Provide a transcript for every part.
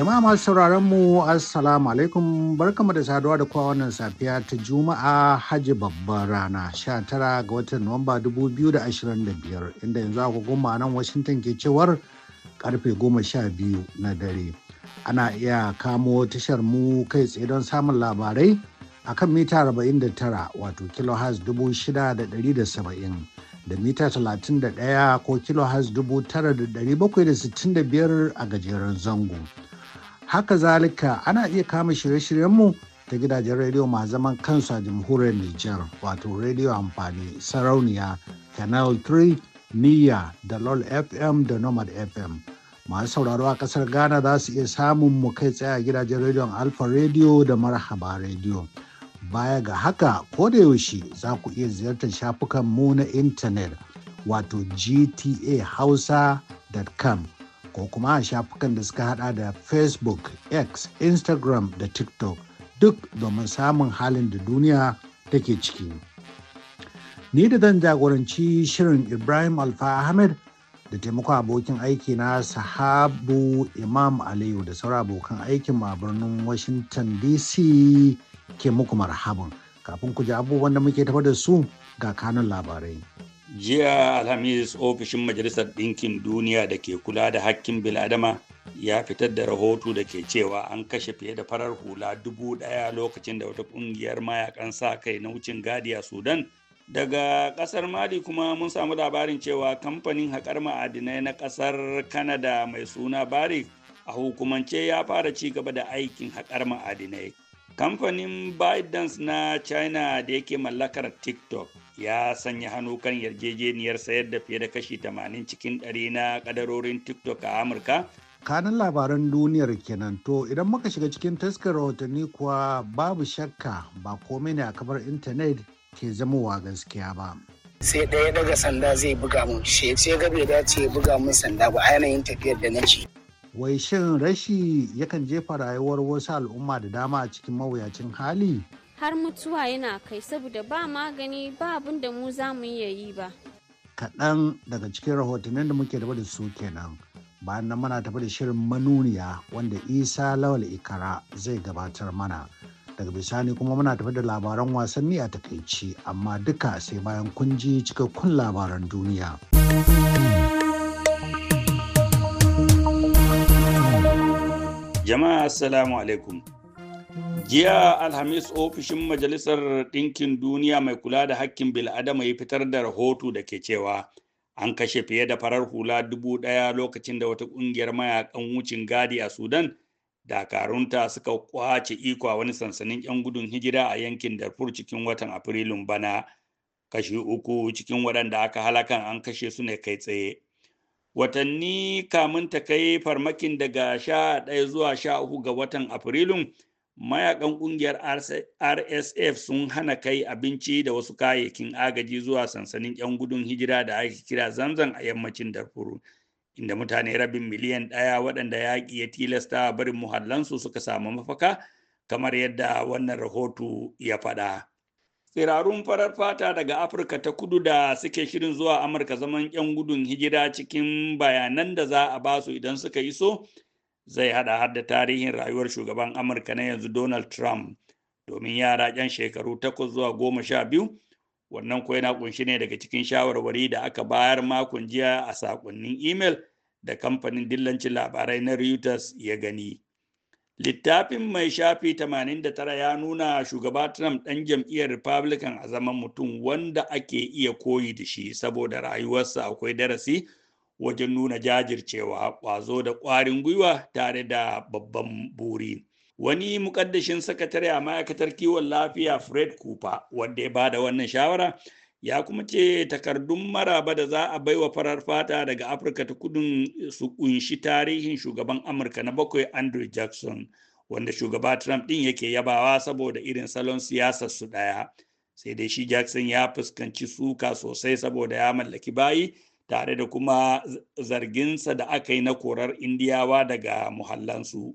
Jama'a masu sauraron mu Assalamu alaikum barkamu da saduwa da kowa wannan safiya ta Juma'a Hajji babban rana 19 ga watan Nuwamba 2025 inda yanzu aka goma nan Washington ke cewar karfe 12 na dare. Ana iya kamo tashar mu kai tsaye don samun labarai a kan mita 49 wato kilohertz 6,170 da mita 31 ko kilohertz 9,765 a gajeren zango. haka zalika ana iya kama shirye-shiryenmu ta gidajen rediyo ma zaman kansu a jamhuriyar Nijar wato rediyo amfani sarauniya canal 3 niya da lol fm da nomad fm masu sauraro a kasar ghana za su iya samun mu kai tsaye a gidajen rediyon alfa rediyo da marhaba rediyo baya ga haka ko da yaushe za ku iya ziyartar shafukan mu na intanet wato gtahausa.com ko kuma a shafukan da suka hada da facebook x instagram da tiktok duk domin samun halin da duniya take ciki ni da zan jagoranci shirin ibrahim alfa ahmed da taimako abokin aiki na sahabu imam aliyu da sauran abokan aikin a birnin washington dc ke muku marhaban kafin ku ji abubuwan da muke tafa da su ga kanun labarai jiya alhamis ofishin majalisar ɗinkin duniya da ke kula da hakkin biladama ya fitar da rahoto da ke cewa an kashe fiye da farar hula dubu ɗaya lokacin da wata ƙungiyar mayakan sa kai na wucin gadi a sudan daga ƙasar mali kuma mun samu labarin cewa kamfanin haƙar ma'adinai na ƙasar Kanada mai suna barik a hukumance ya fara ci gaba da aikin haƙar ma'adinai kamfanin ByteDance na china da yake mallakar tiktok ya sanya hannu kan yarjejeniyar sayar da fiye da kashi 80 cikin 100 na kadarorin tiktok a amurka kanan labaran duniyar kenan to idan muka shiga cikin taskar rahotanni kuwa babu shakka ba komai ne a kafar intanet ke wa gaskiya ba sai ɗaya daga sanda zai buga mun shi sai ga bai dace ya buga mun sanda ba a tafiyar da na ce wai shin rashi yakan jefa rayuwar wasu al'umma da dama a cikin mawuyacin hali har mutuwa yana kai saboda ba magani ba abin da mu za mu iya yi ba kaɗan daga cikin rahotannin da muke da su kenan bayan nan muna tafi da shirin manuniya wanda isa lawal ikara zai gabatar mana daga bisani kuma muna tafi da labaran wasanni a takaici amma duka sai bayan kun ji cikakkun labaran duniya. Jama'a Assalamu alaikum. Jiya Alhamis ofishin Majalisar Ɗinkin Duniya mai kula da hakkin bil'adama ya fitar da rahoto da ke cewa an kashe fiye da farar hula dubu ɗaya lokacin da wata ƙungiyar mayakan wucin gadi a Sudan dakarunta suka kwace iko a wani sansanin 'yan gudun hijira a yankin Darfur cikin watan Afrilun bana. Kashi uku cikin waɗanda aka halakan an kashe su ne kai tsaye. watanni kamun ta kai farmakin daga sha ɗaya zuwa sha uku ga watan afrilun mayakan ƙungiyar rsf sun hana kai abinci da wasu kayayyakin agaji zuwa sansanin 'yan gudun hijira da ake kira zanzan a yammacin darfur inda mutane rabin miliyan ɗaya waɗanda yaƙi ya tilasta barin muhallansu suka samu mafaka kamar yadda wannan rahoto ya faɗa. tsirarun farar fata daga afirka ta kudu da suke shirin zuwa amurka zaman 'yan gudun hijira cikin bayanan da za a ba su idan suka iso zai hada har da tarihin rayuwar shugaban amurka na yanzu donald trump domin yara 'yan shekaru takwas zuwa goma sha biyu wannan ko yana kunshi ne daga cikin shawarwari da aka bayar makon jiya a sakonnin imel da kamfanin dillancin labarai na reuters ya gani littafin mai shafi 89 ya nuna shugaba trump ɗan jam'iyyar republican a zaman mutum wanda ake iya koyi da shi saboda rayuwarsa akwai darasi wajen nuna jajircewa ƙwazo da ƙwarin gwiwa tare da babban buri wani mukaddashin sakatare a ma'aikatar kiwon lafiya fred cooper wanda ya bada wannan shawara ya kuma ce takardun maraba da za a baiwa farar fata daga afirka ta kudun su kunshi tarihin shugaban amurka na bakwai andrew jackson wanda shugaba trump din yake yabawa saboda irin salon siyasar su daya sai dai shi jackson ya fuskanci suka sosai saboda ya mallaki bayi tare da kuma zarginsa da aka yi na korar indiyawa daga muhallansu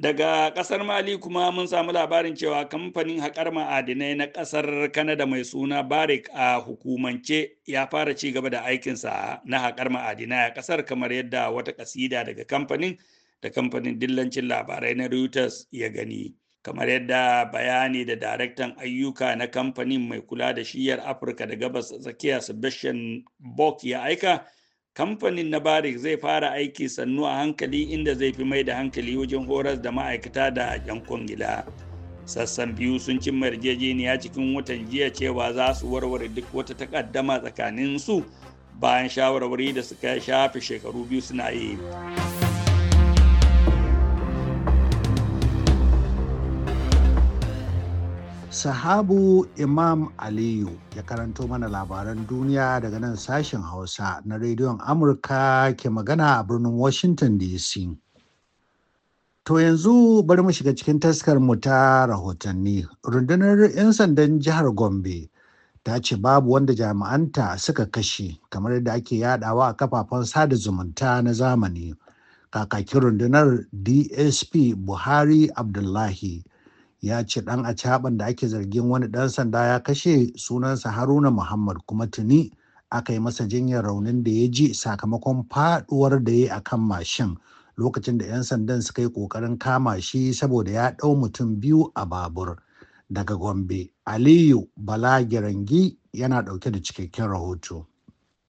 Daga ƙasar Mali kuma mun samu labarin cewa kamfanin haƙar ma'adinai na ƙasar Kanada mai suna Barik a hukumance ya fara ci gaba da aikinsa na haƙar ma'adinai a ƙasar kamar yadda wata ƙasida daga kamfanin da kamfanin dillancin labarai na Reuters ya gani. Kamar yadda bayani da daraktan ayyuka na kamfanin mai kula da shiyar Afirka da gabas tsakiya Sebastian Bok ya aika, kamfanin na barik zai fara aiki sannu a hankali inda zai fi mai da hankali wajen horas da ma'aikata da 'yan kwangila sassan biyu sun cimma yarjejeniya cikin watan jiya cewa za su warware duk wata takaddama tsakanin su bayan shawarwari da suka shafe shekaru biyu suna yi sahabu imam aliyu ya karanto mana labaran duniya daga nan sashen hausa na rediyon amurka ke magana a birnin washington dc To yanzu bari mu shiga cikin taskar mu ta rahotanni. Rundunar 'yan sandan jihar Gombe ta ce babu wanda jami'anta suka kashe kamar yadda ake yadawa a kafafen sada zumunta na zamani. Kakakin rundunar DSP Buhari Abdullahi ya ce ɗan caban da ake zargin wani ɗan sanda ya kashe sunansa haruna muhammad kuma tuni aka yi masa jinyar raunin da ya ji sakamakon faduwar da ya yi a mashin lokacin da 'yan sandan suka yi ƙoƙarin kama shi saboda ya ɗau mutum biyu a babur daga gombe aliyu bala girangi yana ɗauke da cikakken rahoto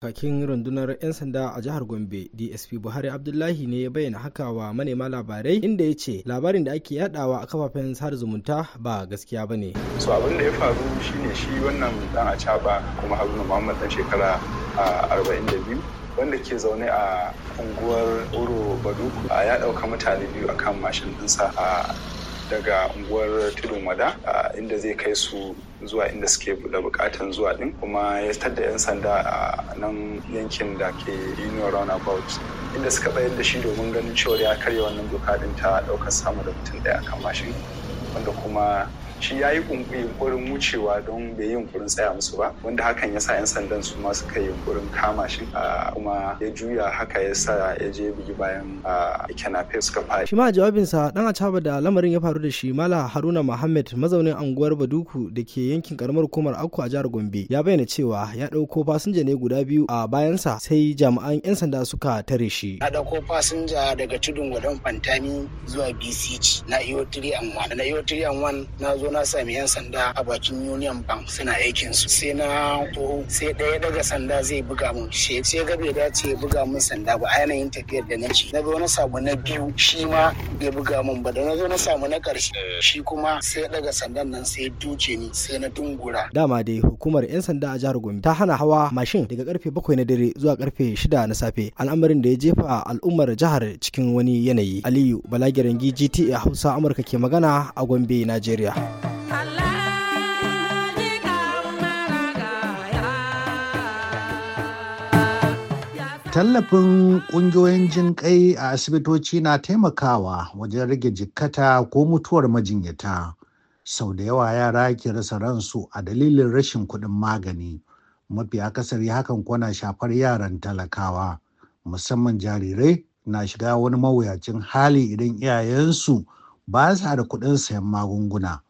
kakin rundunar 'yan sanda a jihar gombe dsp buhari abdullahi ne ya bayyana haka wa manema labarai inda ya ce labarin da ake yadawa a kafafen sada zumunta ba gaskiya ba ne so abin da ya faru shine shi wannan dan a caba kuma haruna muhammad dan shekara a biyu. wanda ke zaune a unguwar oro baduku a ya ɗauka mutane biyu akan mashin ɗinsa a daga unguwar tudun wada inda zai kai su zuwa inda suke da bukatan zuwa din kuma ya tadda 'yan sanda a nan yankin da ke union roundabout inda suka bayar da shi domin ganin cewa ya karya wannan doka din ta daukar sama da mutum daya kan mashin wanda kuma shi ya yi yunkurin wucewa don bai yi yunkurin tsaya musu ba wanda hakan ya sa 'yan sandan su ma suka yi yunkurin kama shi kuma ya juya haka ya sa ya je bugi bayan ikinafe suka fara. shi ma jawabinsa dan acaba da lamarin ya faru da shi mala haruna muhammad mazaunin anguwar baduku da ke yankin karamar hukumar aku a jihar gombe ya bayyana cewa ya ɗauko fasinja ne guda biyu a bayansa sai jami'an 'yan sanda suka tare shi. ya ɗauko fasinja daga tudun gwadon fantami zuwa bcg na iyo 3 and 1 na iyo 3 and 1 na zo na sami yan sanda a bakin union bank suna aikin su sai na to sai ɗaya daga sanda zai buga mun shi sai ga bai dace ya buga mun sanda ba a yanayin tafiyar da nake na ga wani samu na biyu shi ma bai buga mun ba da na zo na samu na ƙarshe shi kuma sai daga sandan nan sai duce ni sai na dungura dama dai hukumar yan sanda a jihar Gombe ta hana hawa mashin daga karfe bakwai na dare zuwa karfe shida na safe al'amarin da ya jefa al'ummar jihar cikin wani yanayi Aliyu Balagirangi GTA Hausa Amurka ke magana a Gombe Najeriya. Tallafin ƙungiyoyin jin ƙai a asibitoci na taimakawa wajen rage jikkata ko mutuwar majinyata. Sau da yawa yara ke rasa ransu a dalilin rashin kuɗin magani. Mafi akasari hakan kwana shafar yaran talakawa, musamman jarirai na shiga wani mawuyacin hali idan iyayensu ba sa da kuɗin sayan magunguna.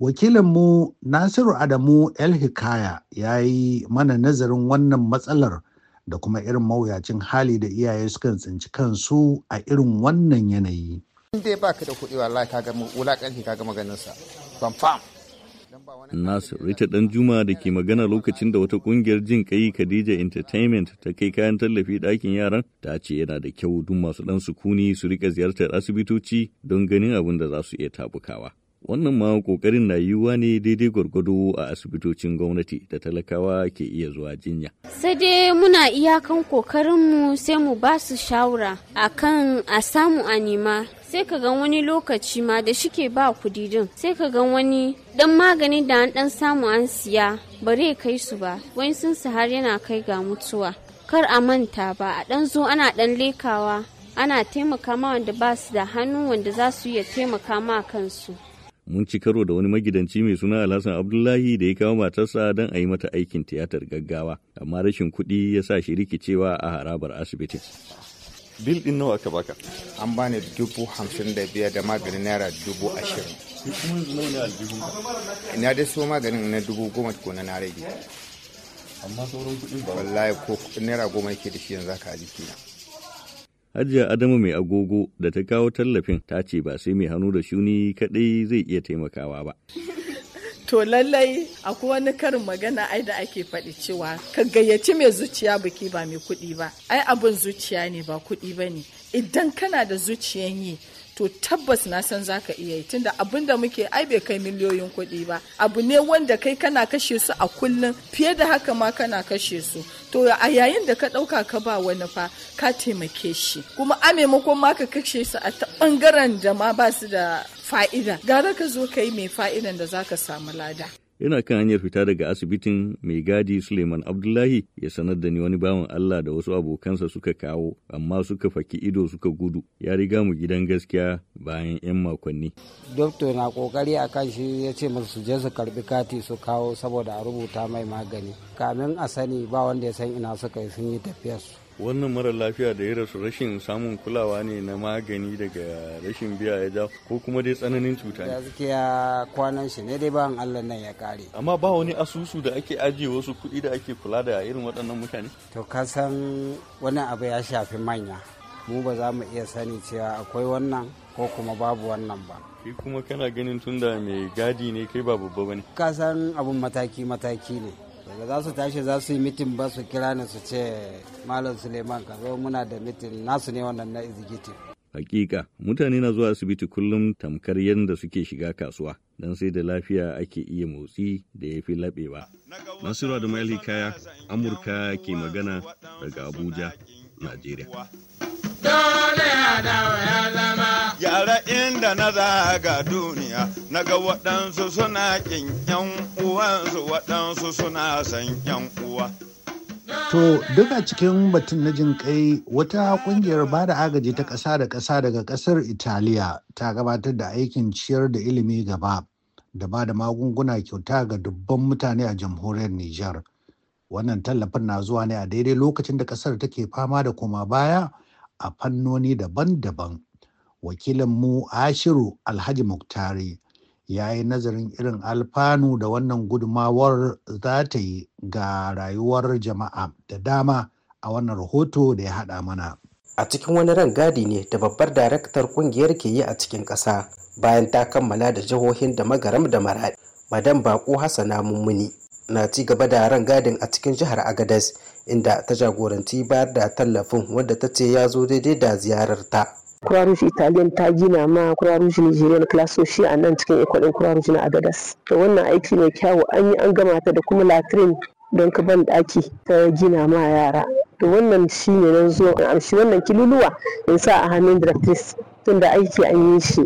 wakilinmu nasiru adamu el hikaya ya yi mana nazarin wannan matsalar da kuma irin mawuyacin hali da iyaye sukan tsinci kansu a irin wannan yanayi in dai baka da kuɗi wallahi ka ga wulaƙar ka ga maganinsa fam Nasir Rita Dan Juma da ke magana lokacin da wata kungiyar jin kai Khadija Entertainment ta kai kayan tallafi ɗakin yaran ta ce yana da kyau duk masu ɗan sukuni su rika ziyartar asibitoci don ganin abin da za su iya tabukawa. Wannan ma ƙoƙarin na yiwuwa ne daidai gwargwado a asibitocin gwamnati da talakawa ke iya zuwa jinya. Sai dai muna iyakan ƙoƙarinmu sai mu ba su shawara a kan a samu a nema sai ka ga wani lokaci ma da shike ba kudi din sai ka ga wani dan magani da an dan samu an siya bare kai su ba wani sun su har yana kai ga mutuwa kar a manta ba a dan zo ana dan lekawa ana taimaka ma wanda ba su da hannu wanda za su iya taimaka ma kansu mun ci karo da wani magidanci mai suna Alhassan Abdullahi da ya kawo matarsa don a yi mata aikin tiyatar gaggawa, amma rashin kuɗi ya sa shi rikicewa a harabar asibitin. Bil ɗin nawa ka baka? An bani dubu hamsin da biyar da maganin naira dubu ashirin. Ina dai so maganin na dubu goma ko na rage. Amma sauran kuɗin ba? Wallahi ko naira goma yake da shi yanzu ka a Hajiya Adamu mai agogo da ta kawo tallafin ta ce ba sai mai hannu da shuni kaɗai zai iya taimakawa ba. To lallai akwai wani karin magana ai da ake faɗi cewa ka gayyaci mai zuciya biki ba mai kuɗi ba. Ai abin zuciya ne ba kuɗi ba ne. Idan kana da zuciyan yi to tabbas na san za ka iya yi tunda abin da muke ai bai kai miliyoyin kuɗi ba abu ne wanda kai kana kashe su a kullum fiye da haka ma kana kashe su to a yayin da ka ɗauka ka ba wani fa ka taimake shi kuma a maimakon ma ka kashe su a ta ɓangaren da ma ba su da fa'ida gara ka zo ka yi mai fa'idan da za ka samu lada yana kan hanyar fita daga asibitin mai gadi suleiman abdullahi ya sanar da ni wani bawan allah da wasu abokansa suka kawo amma suka faki ido suka gudu ya riga mu gidan gaskiya bayan 'yan makonni doktor na kokari a kan shi ya ce masu su je su karbi kati su kawo saboda a rubuta mai magani kamin a sani ba wanda ya san ina suka yi sun yi tafiyarsu wannan mara lafiya da ya rasu rashin samun kulawa ne na magani daga rashin biya ya ja ko kuma dai tsananin cuta ne gaskiya kwanan shi ne dai ba Allah nan ya kare amma ba wani asusu da ake ajiye wasu kuɗi da ake kula da irin waɗannan mutane to ka san wani abu ya shafi manya mu ba za mu iya sani cewa akwai wannan ko kuma babu wannan ba kai kuma kana ganin tunda mai gadi ne kai ba babba bane ka san abun mataki mataki ne daga za su tashi za su yi mitin ba su kira ni su ce malam suleiman ka zo muna da mitin nasu ne wannan na executive hakika mutane na zuwa asibiti kullum tamkar yadda suke shiga kasuwa don sai da lafiya ake iya motsi da ya fi laɓewa nasiru adama kaya amurka ke magana daga abuja najeriya yara inda na zaga duniya na ga waɗansu suna ƙin yan uwansu waɗansu suna san ƴan uwa To duk a cikin batun na jin kai wata ƙungiyar ba da agaji ta ƙasa da ƙasa daga ƙasar Italiya ta gabatar da aikin ciyar da ilimi gaba da ba da magunguna kyauta ga dubban mutane a jamhuriyar Nijar. Wannan tallafin na zuwa ne a daidai lokacin da ƙasar take fama da koma baya a fannoni daban-daban wakilinmu ashiru alhaji muktari ya yi nazarin irin alfanu da wannan gudumawar za ta yi ga rayuwar jama'a da dama a wannan rahoto da ya haɗa mana a cikin wani rangadi ne da babbar daraktar kungiyar ke yi a cikin ƙasa bayan ta kammala da jihohin da magaram da maraɗi madan bako hassana mummuni na ci gaba da rangadin a cikin jihar agadez inda ta jagoranci bayar da tallafin wanda ta ce ya zo daidai da ziyarar ta. Rouge Italian ta gina ma Croix Rouge Nigerian klasoshi a nan cikin ikonin kurarushi na Agadas. Da wannan aiki mai kyawu an yi an gama ta da kuma latrin don ka ban ɗaki ta gina ma yara. Da wannan shi ne nan zo in amshi wannan kiluluwa in sa a hannun directrice tun da aiki an yi shi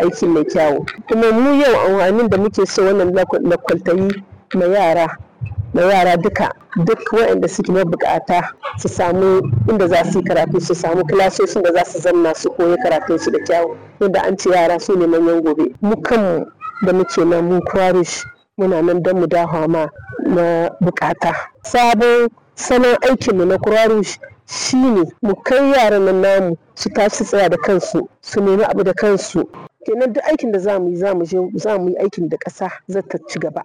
aiki mai kyawu. Kuma mu yau amfanin da muke so wannan lakwaltayi ma yara da yara duka duk waɗanda suke mabukata su samu inda za su yi karatu su samu kilasoshin da za su zanna su koyi karatun su da kyawu inda an ce yara su ne manyan gobe mu kanmu da muke nan mu kwarish muna nan don mu dawo ma na bukata sabon salon mu na kwarish shi ne mu kai yaran nan namu su tashi tsaya da kansu su nemi abu da kansu kenan duk aikin da za mu yi za mu yi aikin da ƙasa za ta ci gaba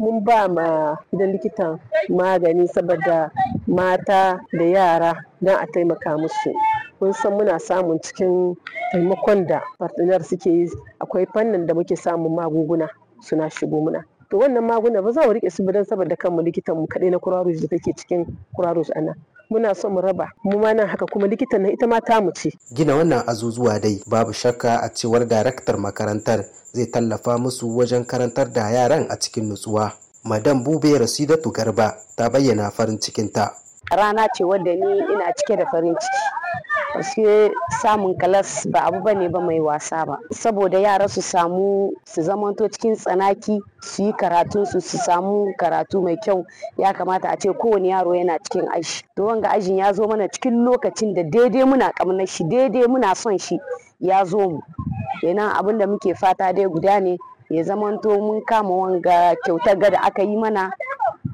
mun ba ma gidan likitan magani saboda mata da yara don a taimaka musu mun san muna samun cikin taimakon da partner suke yi akwai fannin da muke samun magunguna suna shigo muna to wannan magunguna ba za mu rike su ba saboda kanmu likitan mu kaɗai na kurarus da take cikin kurarus ana muna so mu raba mu ma nan haka kuma likitan nan ita ma ta mu ce gina wannan azuzuwa dai babu shakka a cewar daraktar makarantar zai tallafa musu wajen karantar da yaran a cikin nutsuwa madam bube rasidatu garba ta bayyana farin cikinta rana ce wadda ni ina cike da farin ciki sai samun kalas ba abu bane ba mai wasa ba. Saboda yara su samu su zamanto cikin tsanaki su yi karatun su su samu karatu mai kyau ya kamata a ce kowane yaro yana cikin aji. To wanga ajin ya zo mana cikin lokacin da daidai muna kamna shi daidai muna son shi ya zo mu. Kenan abin da muke fata dai guda ne ya zamanto mun kama wanga kyautar gada aka yi mana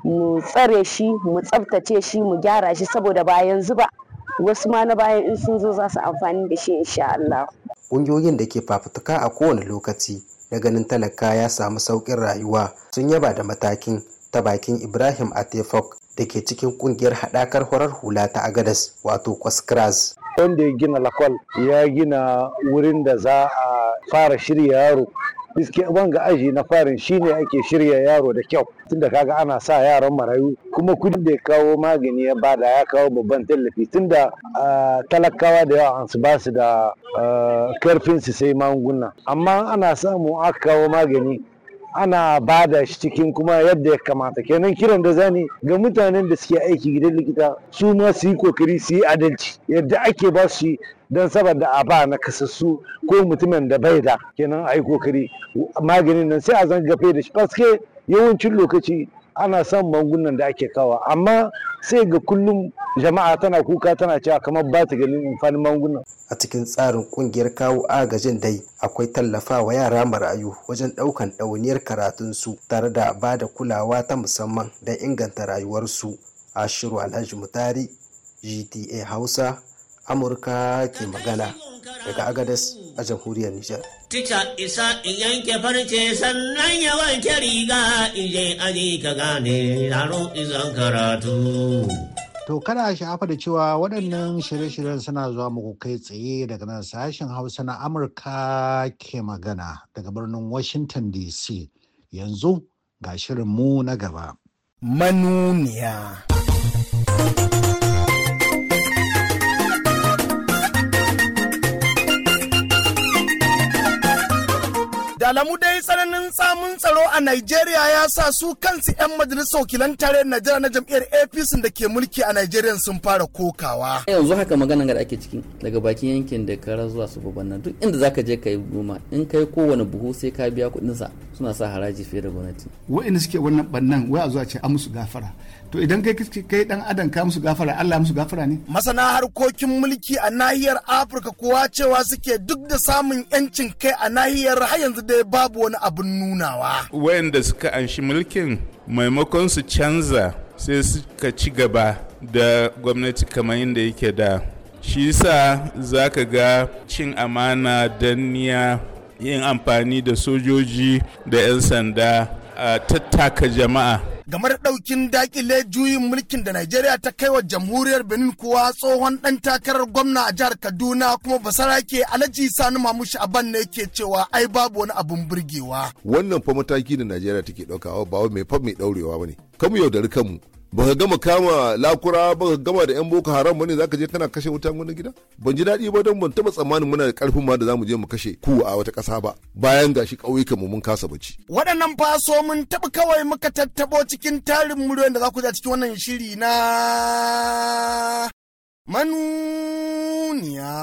mu tsare shi mu tsaftace shi mu gyara shi saboda ba yanzu ba wasu ma na bayan in sun zo za su amfani da shi insha Allah. Ƙungiyoyin da ke fafutuka a kowane lokaci na ganin talaka ya samu sauƙin rayuwa sun yaba da matakin ta bakin Ibrahim Atefok da ke cikin ƙungiyar haɗakar horar hula ta Agadas wato Kwaskras. Wanda ya gina lakol ya gina wurin da za a fara shirya yaro ban ga aji na farin shine ake shirya yaro da kyau tunda kaga ana sa yaran marayu kuma kudin da ya kawo magani ya bada ya kawo babban tallafi tunda talakawa da yawa an su ba su da karfin su sai magunguna amma ana samu aka kawo magani ana bada da shi cikin kuma yadda ya kamata kenan kiran da zani ga mutanen da suke aiki gidan likita su ma su yi kokari su yi adalci yadda ake ba su don saboda a ba na kasassu ko mutumin da bai da kenan a yi kokari maganin nan sai a zangafe da shi paske yawancin lokaci ana son magungunan da ake kawa amma sai ga kullum jama'a tana kuka tana cewa kamar ba ta ganin amfanin magungunan a cikin tsarin kungiyar kawo agajin dai akwai tallafa wa yara marayu wajen daukan karatun su tare da ba da kulawa ta musamman don inganta rayuwarsu ashiru alhaji mutari gta hausa amurka ke magana daga agadas a jamhuriyar nijar tica isa in yanke farce sannan ya wanke riga in je aji ka gane yaro izan karatu To kada a sha'afa da cewa waɗannan shirye-shiryen suna zuwa muku kai tsaye daga nan sashen Hausa na Amurka ke magana daga birnin Washington DC. Yanzu ga shirin mu na gaba. Manuniya. Da dai tsananin samun tsaro a Najeriya ya sa su kansu 'yan majalisar wakilan tare jira na jam'iyyar APC da ke mulki a Najeriya sun fara kokawa. Yanzu haka magana da ake ciki daga bakin yankin da kara zuwa su nan duk inda zaka je ka yi goma in kai kowane buhu sai ka biya kuɗinsa suna sa haraji fiye da gwamnati. Wa'inda suke wannan bannan wai zuwa ce a musu gafara to idan kai kai dan adam ka musu gafara Allah musu gafara ne masana harkokin mulki a nahiyar Afirka kuwa cewa suke duk da samun yancin kai a nahiyar har yanzu dai babu wani abin nunawa wayanda suka anshi mulkin maimakon su canza sai suka ci gaba da gwamnati kamar yadda yake da shi sa za ka ga cin amana danniya yin amfani da sojoji da 'yan sanda tattaka jama'a Gamar ɗaukin dakile juyin mulkin da Najeriya ta kaiwa jamhuriyar Benin kuwa tsohon ɗan takarar gwamna a jihar Kaduna kuma basara ke Alhaji Sani Mamushi Aban ne ke cewa ai babu wani abun burgewa. Wannan fa mataki da Najeriya take ɗaukawa ba wai mai fa mai ɗaurewa bane. Kamu yaudari kanmu ba gama kama lakura ba gama da yan boko haram bane zaka je kana kashe wutan wani gida ban ji daɗi ba don ban taba tsammanin muna da ƙarfin ma da zamu je mu kashe ku a wata ƙasa ba bayan gashi ƙauyukan mu mun kasa bacci waɗannan faso mun taɓa kawai muka tattabo cikin tarin muryoyin da za ku ji a cikin wannan shiri na manuniya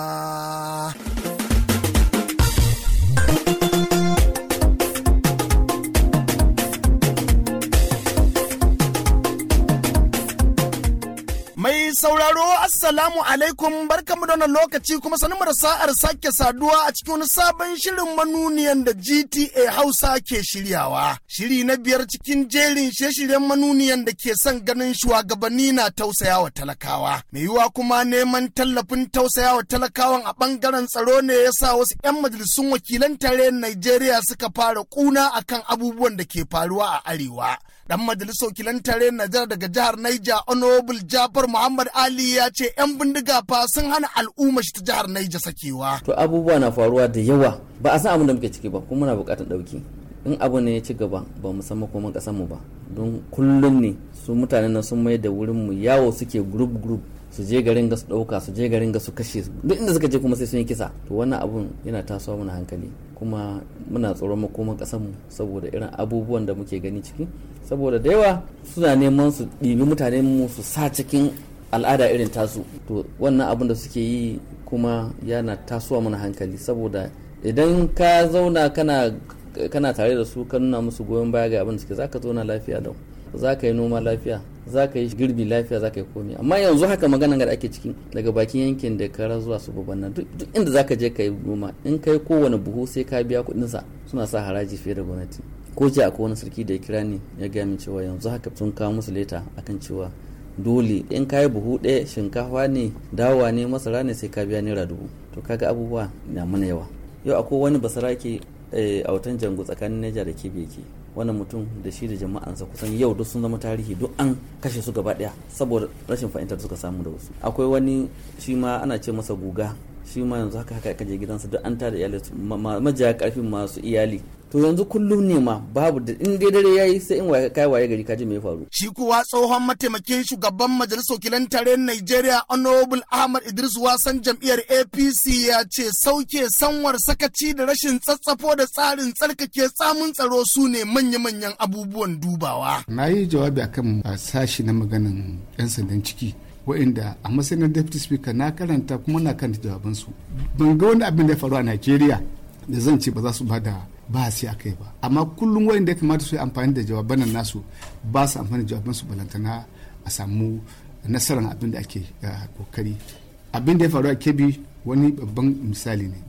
Mai sauraro Assalamu alaikum barkamu da wannan lokaci kuma sanin da sa'ar sake saduwa a cikin wani sabon shirin manuniyan da GTA Hausa ke shiryawa. Shiri na biyar cikin jerin shirye-shiryen manuniyan da ke son ganin shugabanni na tausayawa talakawa. Mai yiwuwa kuma neman tallafin tausayawa talakawan a bangaren tsaro ne ya sa wasu 'yan majalisun wakilan tarayyar Najeriya suka fara kuna akan abubuwan da ke faruwa a Arewa. ɗan majalisar wakilan tare Najar daga jihar Naija Honorable Jafar Muhammad Ali ya ce 'yan bindiga fa sun hana al'umma shi ta jihar Naija sakewa. To abubuwa na faruwa da yawa ba a san abin da muke ciki ba kuma muna buƙatar ɗauki. In abu ne ya ci gaba ba mu san makoman ƙasar mu ba don kullum ne su mutane nan sun mai da wurin mu yawo suke group group su je garin ga su ɗauka su je garin ga su kashe duk inda suka je kuma sai sun yi kisa to wannan abun yana tasowa mana hankali kuma muna tsoron makoman ƙasar mu saboda irin abubuwan da muke gani ciki saboda da yawa suna neman su ɗibi mutane mu su sa cikin al'ada irin tasu to wannan abin da suke yi kuma yana tasowa mana hankali saboda idan ka zauna kana tare da su ka nuna musu goyon baya ga abin da suke zaka zauna lafiya da za ka yi noma lafiya za ka yi girbi lafiya za ka yi komi amma yanzu haka magana da ake ciki daga bakin yankin da kara zuwa su nan duk inda za ka je ka yi noma in ka yi kowane buhu sai ka biya kuɗinsa suna sa haraji fiye da gwamnati ko jiya akwai wani sarki da ya kira ni ya gaya min cewa yanzu haka sun kawo musu leta akan cewa dole in kayi buhu ɗaya shinkafa ne dawa ne masara ne sai ka biya naira dubu to kaga abubuwa na mana yawa yau akwai wani basarake eh, a watan jango tsakanin neja da kebe ke wannan mutum da shi da jama'ansa kusan yau duk sun zama tarihi duk an kashe su gaba ɗaya saboda rashin fahimtar suka samu da wasu akwai wani shi ma ana ce masa guga shi ma yanzu haka haka ka je gidansa duk an tada iyali majiya karfin masu iyali to yanzu kullum ne ma babu da in dai dare yayi sai in waye kai waye gari kaji me ya faru shi kuwa tsohon mataimakin shugaban majalisar wakilan tare Nigeria Honorable Ahmad Idris Wasan jam'iyyar APC ya ce sauke sanwar sakaci da rashin tsatsafo da tsarin tsarkake tsamun tsaro su ne manya-manyan abubuwan dubawa na yi jawabi akan sashi na maganin 'yan sandan ciki wa'inda a matsayin deputy speaker na karanta kuma na kan jawabansu ban ga wani abin da ya faru a Najeriya da zan ce ba za su bada bahasi a kai ba amma kullum wa'inda ya kamata su yi amfani da jawaban nasu ba su amfani da jawabansu balantana a samu nasarar abin da ake kokari abin da ya faru a kebi wani babban misali ne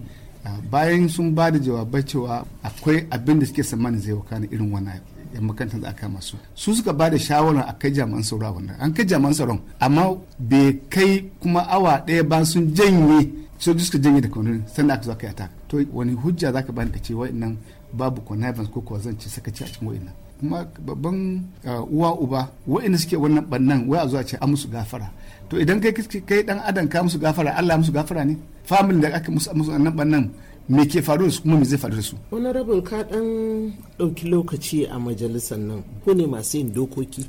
bayan sun ba da jawabai cewa akwai abin da suke tsammanin zai wakana irin wani. yan makarantar da aka masu su suka ba da shawara a kai jami'an tsaro a wannan an kai jami'an sauran amma bai kai kuma awa ɗaya ba sun janye so suka janye da kwanonin sannan aka zo aka yi attack to wani hujja za ka bani ka ce wa'annan babu connivance ko kuwa zan ce sakaci a cikin wa'annan kuma babban ah, uwa uba wa'anda suke wannan bannan wai a zuwa ce a musu gafara to idan kai kai dan adam ka musu gafara Allah musu gafara ne family da aka musu musu wannan bannan me ke faru su kuma me zai faru su wani rabin ka dan dauki lokaci a majalisar nan ko ne masu yin dokoki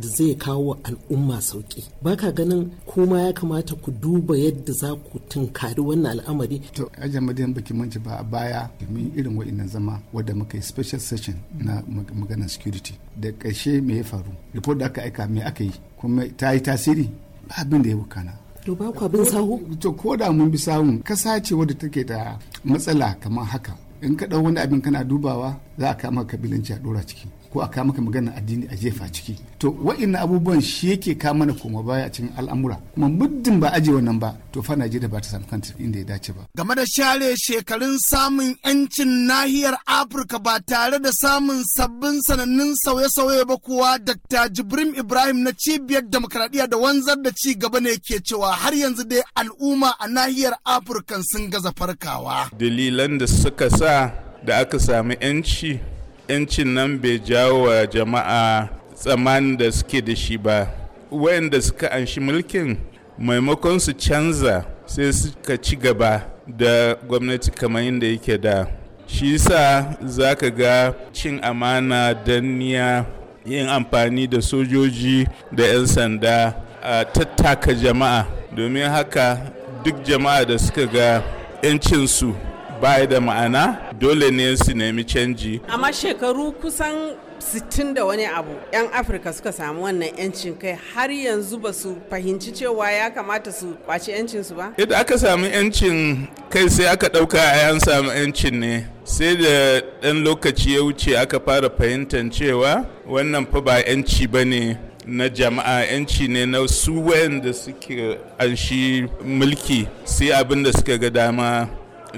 da zai kawo al'umma sauki baka ganin kuma ya kamata ku duba yadda za ku tunkari wannan al'amari to ajiyar madiyan baki manci ba a baya domin irin wa'innan zama wadda muka yi special session na maganar security da ƙarshe me ya faru report da aka aika me aka yi kuma ta yi tasiri abin da ya bukana to ba ku abin sahu to ko da mun bi sahun kasa ce wadda take da matsala kamar haka in ka wani abin kana dubawa za a kama kabilanci a ɗora ciki ko a kawo maka magana addini a jefa ciki to wa'in abubuwan shi yake kawo mana koma baya a cikin al'amura kuma muddin ba aje wannan ba to fa Najeriya ba ta samu kanta inda ya dace ba game da share shekarun samun yancin nahiyar Afirka ba tare da samun sabbin sanannun sauye-sauye ba kuwa Dr. Jibrim Ibrahim na cibiyar demokradiyya da wanzar da ci gaba ne ke cewa har yanzu dai al'umma a nahiyar Afirka sun gaza farkawa dalilan da suka sa da aka samu 'yanci 'yancin nan bai jawo wa jama'a tsamanin da suke da shi ba wayanda suka anshi mulkin maimakon su canza sai suka ci gaba da gwamnati kamar yadda yake da shi sa za ka ga cin amana danniya yin amfani da sojoji da 'yan sanda a tattaka jama'a domin haka duk jama'a da suka ga 'yancinsu bai da ma'ana dole ne su nemi canji amma shekaru kusan sittin da wani abu 'yan afirka suka samu wannan 'yancin kai har yanzu ba su fahimci cewa ya kamata su kwaci su ba idan aka samu 'yancin kai sai aka ɗauka a an samu 'yancin ne sai da ɗan lokaci ya wuce aka fara fahimtar cewa wannan fa ba 'yanci ba ne na jama'a 'yanci ne na su da suke anshi mulki sai abin da suka ga dama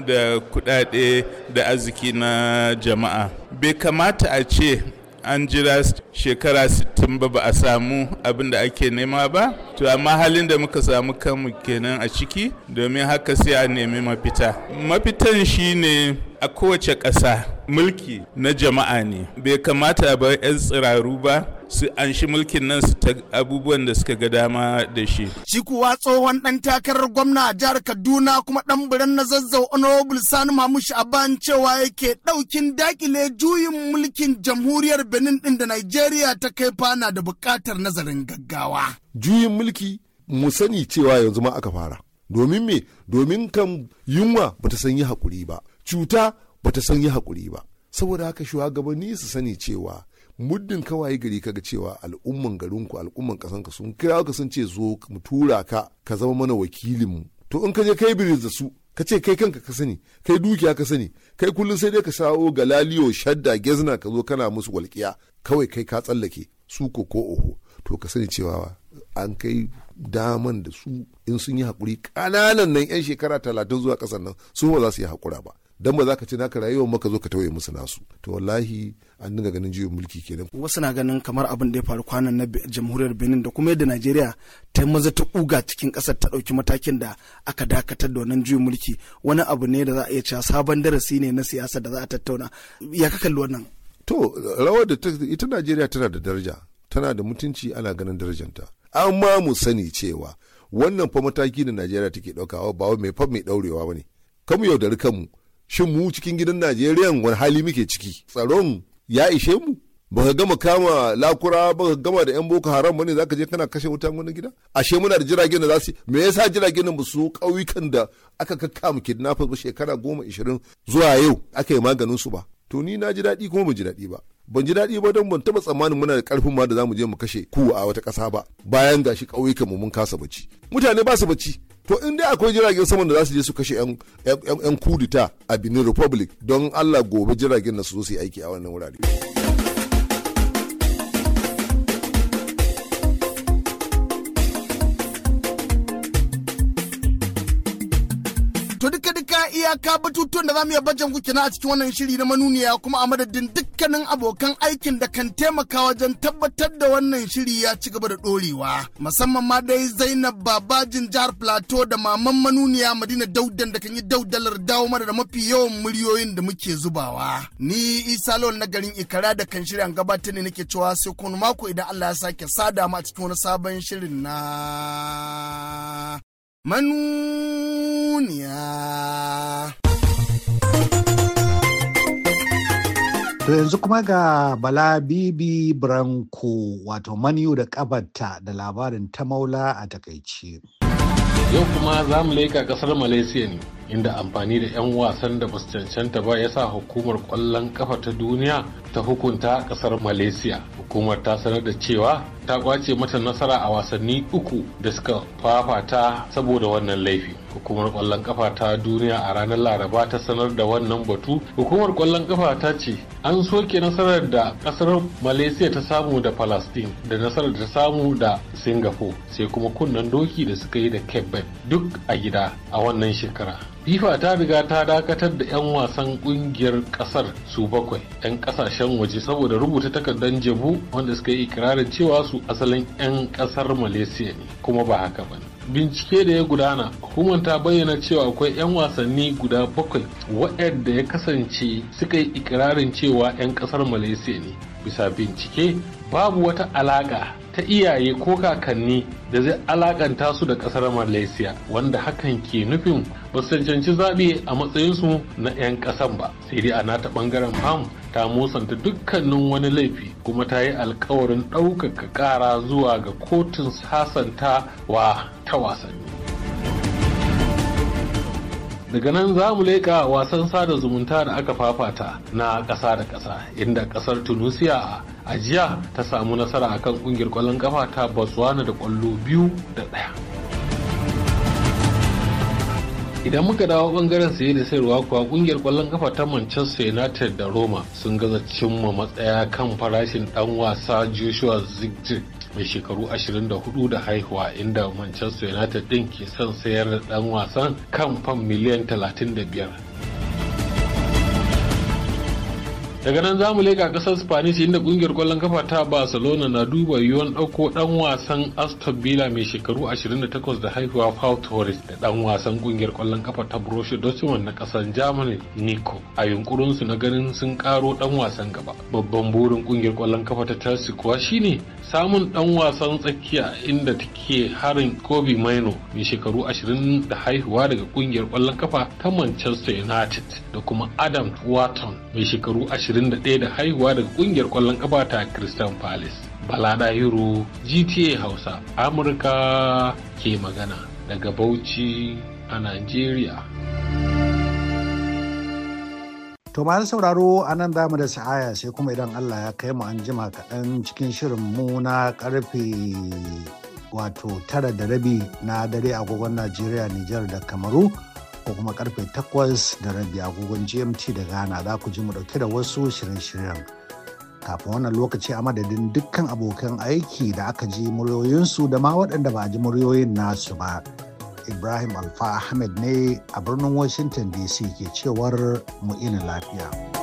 da kudade da arziki na jama'a bai kamata a ce an jira shekara 60 ba ba a samu abin da ake nema ba to amma halin da muka samu kanmu kenan a ciki domin haka sai a nemi mafita mafitan shine a kowace ƙasa mulki na jama'a ne bai kamata ba 'yan tsiraru ba su an shi mulkin nan su abubuwan da suka ga dama da shi. Shi kuwa tsohon ɗan takarar gwamna a jihar Kaduna kuma ɗan biran na zazzau Honorable Sani Mamushi Aban cewa yake ɗaukin dakile juyin mulkin jamhuriyar Benin ɗin da Najeriya ta kai fana da buƙatar nazarin gaggawa. Juyin mulki mu sani cewa yanzu ma aka fara. Domin me? Domin kan yunwa bata san yi haƙuri ba. Cuta bata san yi haƙuri ba. Saboda haka shugabanni su sani cewa muddin kawai gari kaga cewa al'umman garinku al'umman ka sun kira ka sun ce zo mu tura ka ka zama mana wakilin mu to in ka je kai biris da su ka ce kai kanka ka sani kai dukiya ka sani kai kullum sai dai ka sawo galaliyo shadda gezna ka zo kana musu walƙiya kawai kai ka tsallake su ko ko oho to ka sani cewa an kai daman da su in sun yi haƙuri ƙananan nan 'yan shekara talatin zuwa ƙasar nan su ba za su yi haƙura ba dan ba za ka ce naka rayuwar maka zo ka tauye musu nasu to wallahi an dinga ganin jiwon mulki kenan wasu na ganin kamar abin da ya faru kwanan na jamhuriyar Benin da kuma yadda Najeriya ta maza ta kuga cikin kasar ta dauki matakin da aka dakatar da wannan juyin mulki wani abu ne da za a iya cewa sabon darasi ne na siyasa da za a tattauna ya ka kalli wannan to rawar da ita Najeriya tana da daraja tana da mutunci ana ganin darajanta amma mu sani cewa wannan fa mataki da Najeriya take daukawa ba mai fa mai daurewa bane kamu yaudari kanmu shin mu cikin gidan najeriya wani hali muke ciki tsaron ya ishe mu ba ka gama kama lakura ba ka gama da yan boko haram bane zaka je kana kashe wutan wani gida ashe muna da jiragen da za su me yasa jiragen nan ba su ƙauyukan da aka kakkama kidnappers ba shekara goma ishirin zuwa yau aka yi maganin su ba to ni na ji daɗi kuma ban ji daɗi ba ban ji daɗi ba don ban taɓa tsammanin muna da ƙarfin ma da mu je mu kashe ku a wata ƙasa ba bayan gashi ƙauyukan mu mun kasa bacci mutane ba su bacci to in dai akwai jiragen saman da za su je su kashe yan kudita a benin republic don allah gobe jiragen na su zo su yi aiki a wannan wurare. iyaka batutuwan da za mu iya bajan ku na a cikin wannan shiri na manuniya kuma a madadin dukkanin abokan aikin da kan taimaka wajen tabbatar da wannan shiri ya ci gaba da ɗorewa. musamman ma dai Zainab Babajin jihar Plateau da maman manuniya Madina Daudan da kan yi daudalar dawo mana da mafi yawan muryoyin da muke zubawa ni Isa Lawal na garin Ikara da kan shirya gabatar ne nake cewa sai kun mako idan Allah ya sake sada mu a cikin wani sabon shirin na manuniya. To yanzu kuma ga Bala Bibi Branko wato maniyu da kabarta da labarin ta maula a takaice. Yau kuma za mu leka ƙasar Malaysia ne, inda amfani da 'yan wasan da basu cancanta ba ya sa hukumar ƙwallon ƙafa ta duniya ta hukunta kasar malaysia hukumar ta sanar da cewa ta kwace mata nasara a wasanni uku da suka fafata saboda wannan laifi hukumar kwallon kafa ta duniya a ranar laraba ta sanar da wannan batu hukumar kwallon kafa ta ce an soke nasarar da kasar malaysia ta samu da palestine da nasarar da ta samu da singapore sai kuma kunnen doki da suka yi da cape duk a gida a wannan shekara fifa ta riga ta dakatar da 'yan wasan kungiyar kasar su bakwai 'yan kasashen kasashen waje saboda rubuta takardar jabu wanda suka yi ikirarin cewa su asalin 'yan kasar malaysia ne kuma ba haka ba bincike da ya gudana hukumar ta bayyana cewa akwai 'yan wasanni guda bakwai waɗanda ya kasance suka yi ikirarin cewa 'yan kasar malaysia ne bisa bincike babu wata alaƙa ta iyaye ko kakanni da zai alakanta su da kasar malaysia wanda hakan ke nufin ba su cancanci zaɓe a matsayinsu na 'yan ƙasan ba sai dai a nata ɓangaren fam ta musanta dukkanin wani laifi kuma ta yi alkawarin ɗaukaka ƙara zuwa ga kotun sasanta wa ta wasanni daga nan za mu leƙa wasan sada zumunta da aka fafata na ƙasa da ƙasa inda ƙasar tunisia a jiya ta samu nasara akan ƙungiyar kwallon ƙafa ta botswana da kwallo biyu da ɗaya idan muka dawo bangaren saye da sayarwa kuwa kungiyar kwallon kafa ta manchester united da roma sun gaza cimma matsaya kan farashin dan wasa joshua zigzag mai shekaru 24 da haihuwa inda manchester united din ke son sayar da dan wasan kan fam miliyan 35 daga nan za mu leka kasar spanish inda kungiyar kwallon kafa ta barcelona na duba yiwuwar ɗauko ɗan wasan aston villa mai shekaru 28 da haihuwa paul torres da ɗan wasan kungiyar kwallon kafa ta borussia dortmund na kasar germany nico a yunkurinsu na ganin sun karo ɗan wasan gaba babban burin kungiyar kwallon kafa ta chelsea kuwa shine samun ɗan wasan tsakiya inda take harin kobe maino mai shekaru 20 da haihuwa daga kungiyar kwallon kafa ta manchester united da kuma adam wharton mai shekaru 20 21 da haihuwa daga kungiyar kwallon kafa ta Crystal Palace. Bala Dahiru GTA Hausa Amurka ke magana daga Bauchi a Najeriya. To masu sauraro a nan damu da sa'aya sai kuma idan Allah ya kai mu an jima kaɗan cikin shirin mu na karfe wato tara da rabi na dare a agogon Najeriya, Nijar da Kamaru. ko kuma karfe 8 da rabi agogon GMT da Ghana za ku ji mu dauke da wasu shirye-shiryen. Kafin wannan lokaci a madadin dukkan abokan aiki da aka ji muryoyinsu da ma waɗanda ba a ji muryoyin nasu ba. Ibrahim Alfa Ahmed ne a birnin Washington DC ke cewar mu ina lafiya.